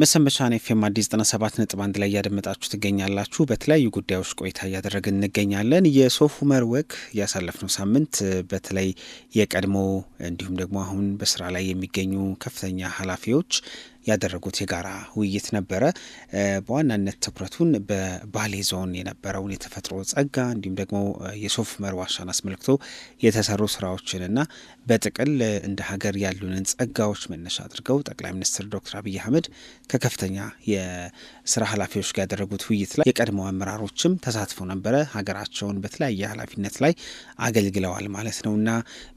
መሰንበቻን ኤፍኤም አዲስ ሰባት ነጥብ አንድ ላይ እያደመጣችሁ ትገኛላችሁ። በተለያዩ ጉዳዮች ቆይታ እያደረግን እንገኛለን። የሶፍ ዑመር ወግ ያሳለፍነው ሳምንት በተለይ የቀድሞ እንዲሁም ደግሞ አሁን በስራ ላይ የሚገኙ ከፍተኛ ኃላፊዎች ያደረጉት የጋራ ውይይት ነበረ። በዋናነት ትኩረቱን በባሌ ዞን የነበረውን የተፈጥሮ ጸጋ እንዲሁም ደግሞ የሶፍ ዑመር ዋሻን አስመልክቶ የተሰሩ ስራዎችንና በጥቅል እንደ ሀገር ያሉንን ጸጋዎች መነሻ አድርገው ጠቅላይ ሚኒስትር ዶክተር አብይ አህመድ ከከፍተኛ የስራ ኃላፊዎች ጋር ያደረጉት ውይይት ላይ የቀድሞ አመራሮችም ተሳትፎ ነበረ። ሀገራቸውን በተለያየ ኃላፊነት ላይ አገልግለዋል ማለት ነው እና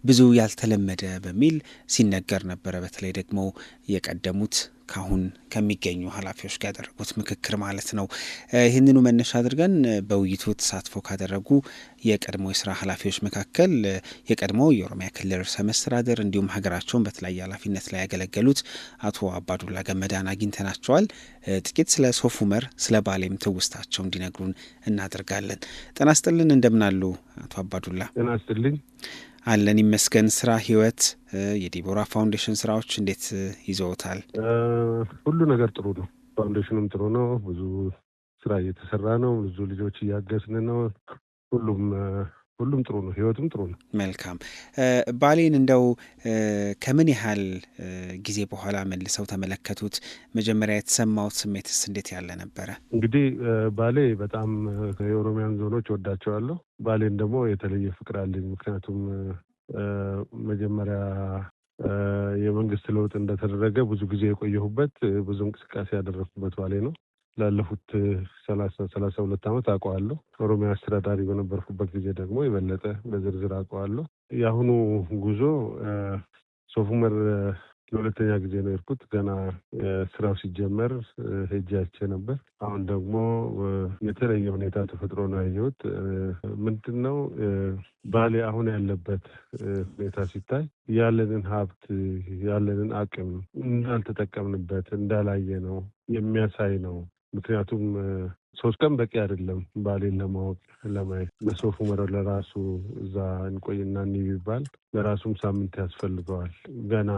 ብዙ ያልተለመደ በሚል ሲነገር ነበረ። በተለይ ደግሞ የቀደሙት ካሁን ከሚገኙ ኃላፊዎች ጋር ያደረጉት ምክክር ማለት ነው። ይህንኑ መነሻ አድርገን በውይይቱ ተሳትፎ ካደረጉ የቀድሞ የስራ ኃላፊዎች መካከል የቀድሞ የኦሮሚያ ክልል ርዕሰ መስተዳድር እንዲሁም ሀገራቸውን በተለያየ ኃላፊነት ላይ ያገለገሉት አቶ አባዱላ ገመዳን አግኝተናቸዋል። ጥቂት ስለ ሶፍ ዑመር ስለ ባሌም ትውስታቸው እንዲነግሩን እናደርጋለን። ጤና ይስጥልን፣ እንደምን አሉ አቶ አባዱላ? ጤና ይስጥልኝ። አለን ይመስገን ስራ ህይወት የዲቦራ ፋውንዴሽን ስራዎች እንዴት ይዘውታል? ሁሉ ነገር ጥሩ ነው። ፋውንዴሽኑም ጥሩ ነው። ብዙ ስራ እየተሰራ ነው። ብዙ ልጆች እያገዝን ነው። ሁሉም ሁሉም ጥሩ ነው፣ ህይወቱም ጥሩ ነው። መልካም ባሌን እንደው ከምን ያህል ጊዜ በኋላ መልሰው ተመለከቱት? መጀመሪያ የተሰማውት ስሜትስ እንዴት ያለ ነበረ? እንግዲህ ባሌ በጣም የኦሮሚያን ዞኖች ወዳቸዋለሁ። ባሌን ደግሞ የተለየ ፍቅር አለኝ። ምክንያቱም መጀመሪያ የመንግስት ለውጥ እንደተደረገ ብዙ ጊዜ የቆየሁበት ብዙ እንቅስቃሴ ያደረግኩበት ባሌ ነው። ላለፉት ሰላሳ ሁለት ዓመት አውቀዋለሁ። ኦሮሚያ አስተዳዳሪ በነበርኩበት ጊዜ ደግሞ የበለጠ በዝርዝር አውቀዋለሁ። የአሁኑ ጉዞ ሶፍ ዑመር ለሁለተኛ ጊዜ ነው የሄድኩት። ገና ስራው ሲጀመር ሄጄ ነበር። አሁን ደግሞ የተለየ ሁኔታ ተፈጥሮ ነው ያየሁት። ምንድን ነው ባሌ አሁን ያለበት ሁኔታ ሲታይ ያለንን ሀብት ያለንን አቅም እንዳልተጠቀምንበት እንዳላየ ነው የሚያሳይ ነው። ምክንያቱም ሶስት ቀን በቂ አይደለም ባሌን ለማወቅ ለማየት። መሶፍ ዑመር ለራሱ እዛ እንቆይና እኒ ይባል ለራሱም ሳምንት ያስፈልገዋል። ገና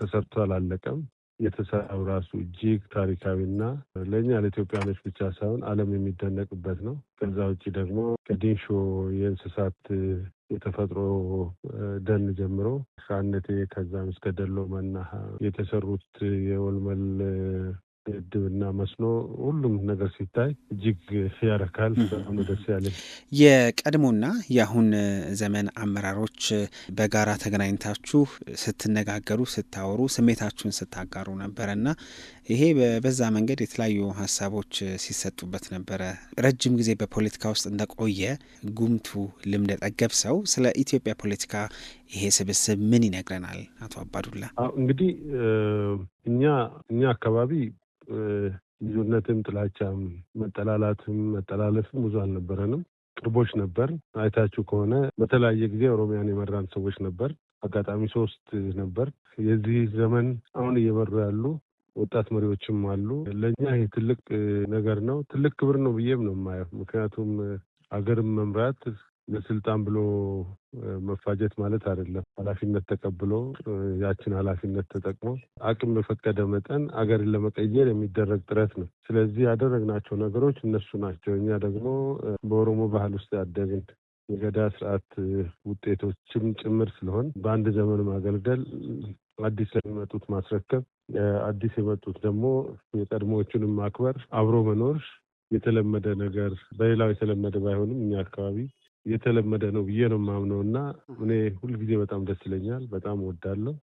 ተሰርቶ አላለቀም። የተሰራው ራሱ እጅግ ታሪካዊና ለእኛ ለኢትዮጵያኖች ብቻ ሳይሆን አለም የሚደነቅበት ነው። ከዛ ውጭ ደግሞ ከዲንሾ የእንስሳት የተፈጥሮ ደን ጀምሮ ከአነቴ ከዛም እስከ ደሎማና የተሰሩት የወልመል ግድብና መስኖ ሁሉም ነገር ሲታይ እጅግ ያረካል። በጣም ደስ ያለ የቀድሞና የአሁን ዘመን አመራሮች በጋራ ተገናኝታችሁ ስትነጋገሩ፣ ስታወሩ፣ ስሜታችሁን ስታጋሩ ነበረና ይሄ በዛ መንገድ የተለያዩ ሀሳቦች ሲሰጡበት ነበረ። ረጅም ጊዜ በፖለቲካ ውስጥ እንደቆየ ጉምቱ ልምደ ጠገብ ሰው ስለ ኢትዮጵያ ፖለቲካ ይሄ ስብስብ ምን ይነግረናል? አቶ አባዱላ እንግዲህ እኛ እኛ አካባቢ ልዩነትም፣ ጥላቻም፣ መጠላላትም መጠላለፍም ብዙ አልነበረንም። ቅርቦች ነበር። አይታችሁ ከሆነ በተለያየ ጊዜ ኦሮሚያን የመራን ሰዎች ነበር። አጋጣሚ ሶስት ነበር። የዚህ ዘመን አሁን እየመሩ ያሉ ወጣት መሪዎችም አሉ። ለእኛ ይህ ትልቅ ነገር ነው፣ ትልቅ ክብር ነው ብዬም ነው የማየው። ምክንያቱም አገርም መምራት ለስልጣን ብሎ መፋጀት ማለት አይደለም። ኃላፊነት ተቀብሎ ያችን ኃላፊነት ተጠቅሞ አቅም በፈቀደ መጠን አገርን ለመቀየር የሚደረግ ጥረት ነው። ስለዚህ ያደረግናቸው ነገሮች እነሱ ናቸው። እኛ ደግሞ በኦሮሞ ባህል ውስጥ ያደግን የገዳ ስርዓት ውጤቶችም ጭምር ስለሆን በአንድ ዘመን ማገልገል፣ አዲስ ለሚመጡት ማስረከብ፣ አዲስ የመጡት ደግሞ የቀድሞዎቹንም ማክበር፣ አብሮ መኖር የተለመደ ነገር በሌላው የተለመደ ባይሆንም እኛ አካባቢ የተለመደ ነው ብዬ ነው የማምነው እና እኔ ሁልጊዜ በጣም ደስ ይለኛል። በጣም ወዳለሁ።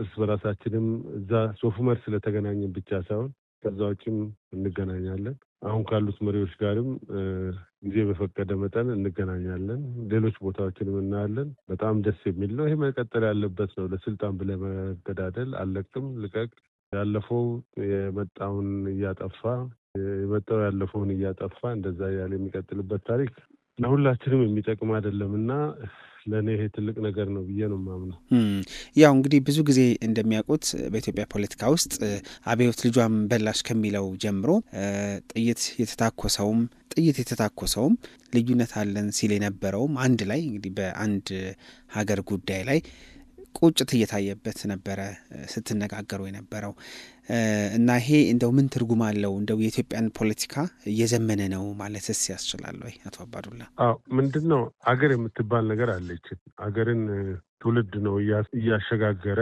እርስ በራሳችንም እዛ ሶፍመር ስለተገናኘን ብቻ ሳይሆን ከዛ ውጭም እንገናኛለን። አሁን ካሉት መሪዎች ጋርም ጊዜ በፈቀደ መጠን እንገናኛለን። ሌሎች ቦታዎችንም እናያለን። በጣም ደስ የሚል ነው። ይሄ መቀጠል ያለበት ነው። ለስልጣን ብለህ መገዳደል አለቅም ልቀቅ ያለፈው የመጣውን እያጠፋ የመጣው ያለፈውን እያጠፋ እንደዛ እያለ የሚቀጥልበት ታሪክ ለሁላችንም የሚጠቅም አይደለም እና ለእኔ ይሄ ትልቅ ነገር ነው ብዬ ነው ማምነው። ያው እንግዲህ ብዙ ጊዜ እንደሚያውቁት በኢትዮጵያ ፖለቲካ ውስጥ አብዮት ልጇን በላሽ ከሚለው ጀምሮ ጥይት የተታኮሰውም ጥይት የተታኮሰውም ልዩነት አለን ሲል የነበረውም አንድ ላይ እንግዲህ በአንድ ሀገር ጉዳይ ላይ ቁጭት እየታየበት ነበረ ስትነጋገሩ የነበረው እና ይሄ እንደው ምን ትርጉም አለው? እንደው የኢትዮጵያን ፖለቲካ እየዘመነ ነው ማለትስ ያስችላል ወይ? አቶ አባዱላ። አዎ ምንድን ነው አገር የምትባል ነገር አለች። አገርን ትውልድ ነው እያሸጋገረ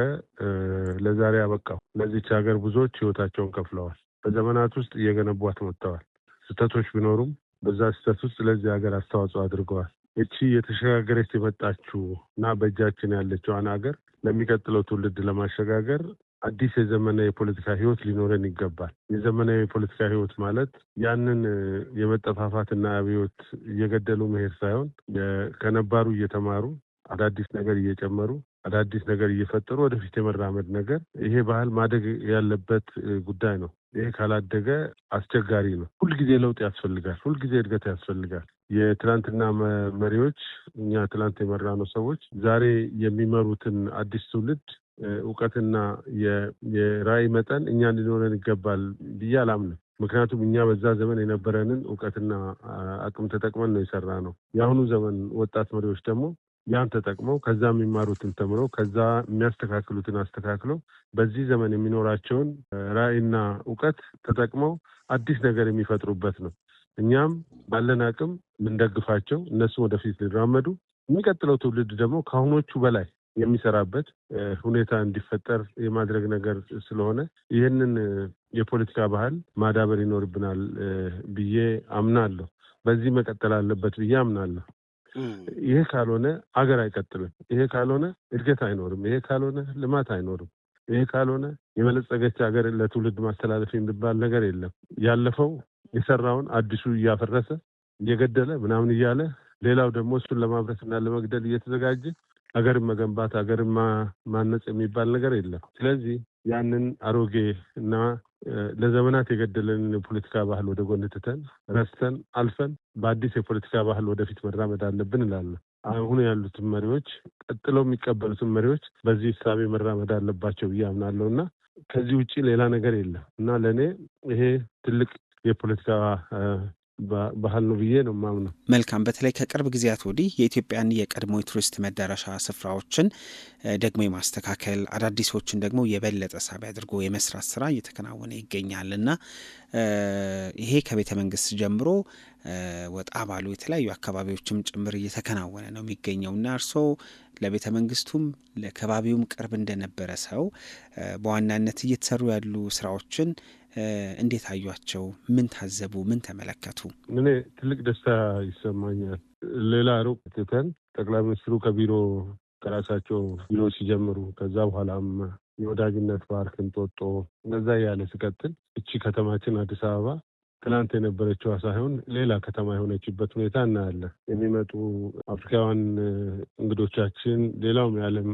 ለዛሬ ያበቃው። ለዚች ሀገር ብዙዎች ህይወታቸውን ከፍለዋል። በዘመናት ውስጥ እየገነቧት መጥተዋል። ስህተቶች ቢኖሩም በዛ ስህተት ውስጥ ለዚህ ሀገር አስተዋጽኦ አድርገዋል። እቺ የተሸጋገረች የመጣችው እና በእጃችን ያለችዋን ሀገር ለሚቀጥለው ትውልድ ለማሸጋገር አዲስ የዘመናዊ የፖለቲካ ህይወት ሊኖረን ይገባል። የዘመናዊ የፖለቲካ ህይወት ማለት ያንን የመጠፋፋትና አብዮት እየገደሉ መሄድ ሳይሆን ከነባሩ እየተማሩ አዳዲስ ነገር እየጨመሩ አዳዲስ ነገር እየፈጠሩ ወደፊት የመራመድ ነገር ይሄ ባህል ማደግ ያለበት ጉዳይ ነው። ይሄ ካላደገ አስቸጋሪ ነው። ሁልጊዜ ለውጥ ያስፈልጋል። ሁልጊዜ እድገት ያስፈልጋል። የትናንትና መሪዎች እኛ ትናንት የመራነው ሰዎች ዛሬ የሚመሩትን አዲስ ትውልድ እውቀትና የራዕይ መጠን እኛ እንዲኖረን ይገባል ብዬ አላምንም። ምክንያቱም እኛ በዛ ዘመን የነበረንን እውቀትና አቅም ተጠቅመን ነው የሰራ ነው። የአሁኑ ዘመን ወጣት መሪዎች ደግሞ ያን ተጠቅመው ከዛ የሚማሩትን ተምረው ከዛ የሚያስተካክሉትን አስተካክለው በዚህ ዘመን የሚኖራቸውን ራዕይና እውቀት ተጠቅመው አዲስ ነገር የሚፈጥሩበት ነው። እኛም ባለን አቅም የምንደግፋቸው እነሱ ወደፊት ሊራመዱ የሚቀጥለው ትውልድ ደግሞ ከአሁኖቹ በላይ የሚሰራበት ሁኔታ እንዲፈጠር የማድረግ ነገር ስለሆነ ይህንን የፖለቲካ ባህል ማዳበር ይኖርብናል ብዬ አምናለሁ። በዚህ መቀጠል አለበት ብዬ አምናለሁ። ይሄ ካልሆነ አገር አይቀጥልም። ይሄ ካልሆነ እድገት አይኖርም። ይሄ ካልሆነ ልማት አይኖርም። ይሄ ካልሆነ የበለጸገች ሀገር ለትውልድ ማስተላለፍ የሚባል ነገር የለም። ያለፈው የሰራውን አዲሱ እያፈረሰ እየገደለ ምናምን እያለ ሌላው ደግሞ እሱን ለማፍረስና ለመግደል እየተዘጋጀ ሀገርን መገንባት ሀገርን ማነጽ የሚባል ነገር የለም። ስለዚህ ያንን አሮጌ እና ለዘመናት የገደለንን የፖለቲካ ባህል ወደ ጎን ትተን ረስተን አልፈን በአዲስ የፖለቲካ ባህል ወደፊት መራመድ አለብን እላለሁ። አሁን ያሉትን መሪዎች ቀጥለው የሚቀበሉትን መሪዎች በዚህ እሳቤ መራመድ አለባቸው ብዬ አምናለሁ እና ከዚህ ውጭ ሌላ ነገር የለም እና ለእኔ ይሄ ትልቅ የፖለቲካ ባህል ነው ብዬ ነው ማምነው። መልካም። በተለይ ከቅርብ ጊዜያት ወዲህ የኢትዮጵያን የቀድሞ የቱሪስት መዳረሻ ስፍራዎችን ደግሞ የማስተካከል አዳዲሶችን ደግሞ የበለጠ ሳቢ አድርጎ የመስራት ስራ እየተከናወነ ይገኛል እና ይሄ ከቤተ መንግስት ጀምሮ ወጣ ባሉ የተለያዩ አካባቢዎችም ጭምር እየተከናወነ ነው የሚገኘው እና እርስዎ ለቤተ መንግስቱም ለከባቢውም ቅርብ እንደነበረ ሰው በዋናነት እየተሰሩ ያሉ ስራዎችን እንዴት አዩቸው? ምን ታዘቡ? ምን ተመለከቱ? እኔ ትልቅ ደስታ ይሰማኛል። ሌላ ሩቅ ትተን ጠቅላይ ሚኒስትሩ ከቢሮ ከራሳቸው ቢሮ ሲጀምሩ ከዛ በኋላም የወዳጅነት ፓርክ እንጦጦ፣ እነዛ እያለ ሲቀጥል እቺ ከተማችን አዲስ አበባ ትናንት የነበረችዋ ሳይሆን ሌላ ከተማ የሆነችበት ሁኔታ እናያለን። የሚመጡ አፍሪካውያን እንግዶቻችን፣ ሌላውም የዓለም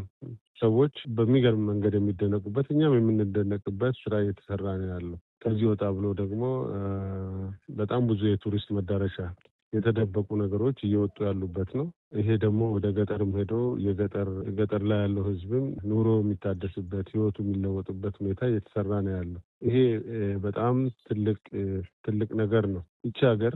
ሰዎች በሚገርም መንገድ የሚደነቁበት እኛም የምንደነቅበት ስራ እየተሰራ ነው ያለው። ከዚህ ወጣ ብሎ ደግሞ በጣም ብዙ የቱሪስት መዳረሻ የተደበቁ ነገሮች እየወጡ ያሉበት ነው። ይሄ ደግሞ ወደ ገጠርም ሄዶ ገጠር ላይ ያለው ህዝብም ኑሮ የሚታደስበት ህይወቱ የሚለወጥበት ሁኔታ እየተሰራ ነው ያለው። ይሄ በጣም ትልቅ ትልቅ ነገር ነው። ይቺ ሀገር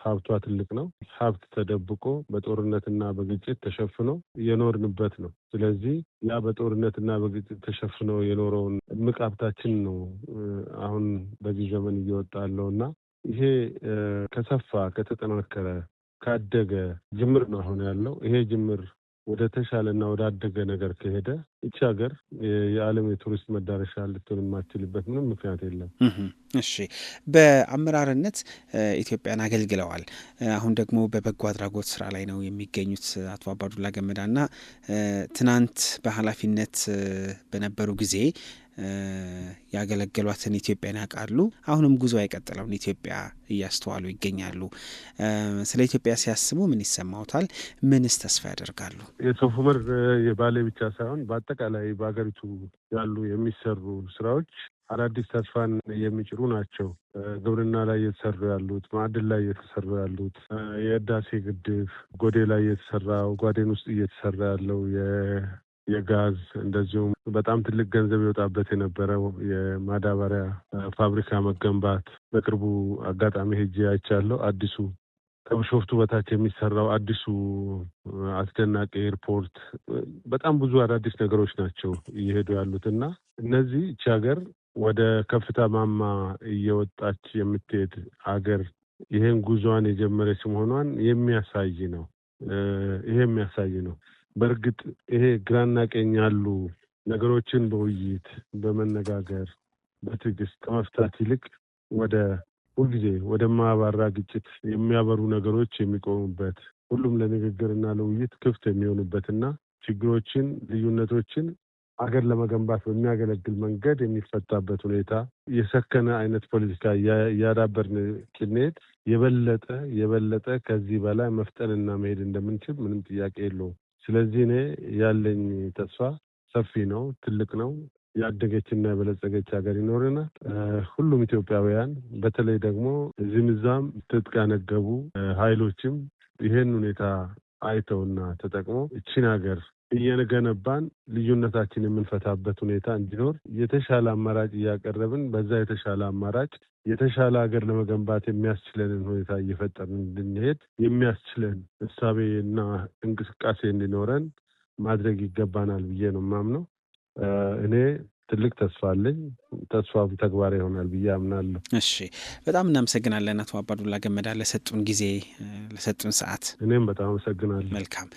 ሀብቷ ትልቅ ነው። ሀብት ተደብቆ በጦርነትና በግጭት ተሸፍኖ የኖርንበት ነው። ስለዚህ ያ በጦርነትና በግጭት ተሸፍኖ የኖረውን እምቅ ሀብታችን ነው አሁን በዚህ ዘመን እየወጣ ያለው እና ይሄ ከሰፋ ከተጠናከረ ካደገ ጅምር ነው አሁን ያለው ይሄ ጅምር ወደ እና ወደ አደገ ነገር ከሄደ እቺ ሀገር የዓለም የቱሪስት መዳረሻ ልትሆን የማትችልበት ምንም ምክንያት የለም። እሺ በአመራርነት ኢትዮጵያን አገልግለዋል። አሁን ደግሞ በበጎ አድራጎት ስራ ላይ ነው የሚገኙት አቶ አባዱላ ገመዳ እና ትናንት በኃላፊነት በነበሩ ጊዜ ያገለገሏትን ኢትዮጵያን ያውቃሉ። አሁንም ጉዞ የቀጠለውን ኢትዮጵያ እያስተዋሉ ይገኛሉ። ስለ ኢትዮጵያ ሲያስቡ ምን ይሰማውታል? ምንስ ተስፋ ያደርጋሉ? የሶፍ ዑመር የባሌ ብቻ ሳይሆን በአጠቃላይ በሀገሪቱ ያሉ የሚሰሩ ስራዎች አዳዲስ ተስፋን የሚጭሩ ናቸው። ግብርና ላይ እየተሰሩ ያሉት፣ ማዕድን ላይ እየተሰሩ ያሉት፣ የህዳሴ ግድብ ጎዴ ላይ እየተሰራ ጓዴን ውስጥ እየተሰራ ያለው የጋዝ እንደዚሁም በጣም ትልቅ ገንዘብ የወጣበት የነበረው የማዳበሪያ ፋብሪካ መገንባት በቅርቡ አጋጣሚ ሄጄ አይቻለሁ። አዲሱ ከብሾፍቱ በታች የሚሰራው አዲሱ አስደናቂ ኤርፖርት በጣም ብዙ አዳዲስ ነገሮች ናቸው እየሄዱ ያሉት እና እነዚህ እቺ ሀገር ወደ ከፍታ ማማ እየወጣች የምትሄድ አገር ይህን ጉዞዋን የጀመረች መሆኗን የሚያሳይ ነው። ይሄ የሚያሳይ ነው። በእርግጥ ይሄ ግራና ቀኝ ያሉ ነገሮችን በውይይት በመነጋገር በትዕግስት ከመፍታት ይልቅ ወደ ሁልጊዜ ወደ ማባራ ግጭት የሚያበሩ ነገሮች የሚቆሙበት ሁሉም ለንግግርና ለውይይት ክፍት የሚሆኑበትና ችግሮችን፣ ልዩነቶችን አገር ለመገንባት በሚያገለግል መንገድ የሚፈታበት ሁኔታ የሰከነ አይነት ፖለቲካ እያዳበርን ጭኔት የበለጠ የበለጠ ከዚህ በላይ መፍጠንና መሄድ እንደምንችል ምንም ጥያቄ የለውም። ስለዚህ እኔ ያለኝ ተስፋ ሰፊ ነው፣ ትልቅ ነው። ያደገችና የበለጸገች ሀገር ይኖረናል። ሁሉም ኢትዮጵያውያን በተለይ ደግሞ እዚህም እዛም ትጥቅ ያነገቡ ኃይሎችም ይሄን ሁኔታ አይተውና ተጠቅሞ እቺን ሀገር እየገነባን ልዩነታችን የምንፈታበት ሁኔታ እንዲኖር የተሻለ አማራጭ እያቀረብን በዛ የተሻለ አማራጭ የተሻለ ሀገር ለመገንባት የሚያስችለንን ሁኔታ እየፈጠርን እንድንሄድ የሚያስችለን እሳቤና እንቅስቃሴ እንዲኖረን ማድረግ ይገባናል ብዬ ነው የማምነው። እኔ ትልቅ ተስፋ አለኝ። ተስፋም ተግባር ይሆናል ብዬ አምናለሁ። እሺ፣ በጣም እናመሰግናለን አቶ አባዱላ ገመዳ ለሰጡን ጊዜ፣ ለሰጡን ሰዓት። እኔም በጣም አመሰግናለሁ። መልካም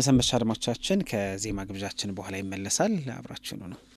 መሰንበቻ አድማቻችን ከዜማ ግብዣችን በኋላ ይመለሳል። አብራችኑ ነው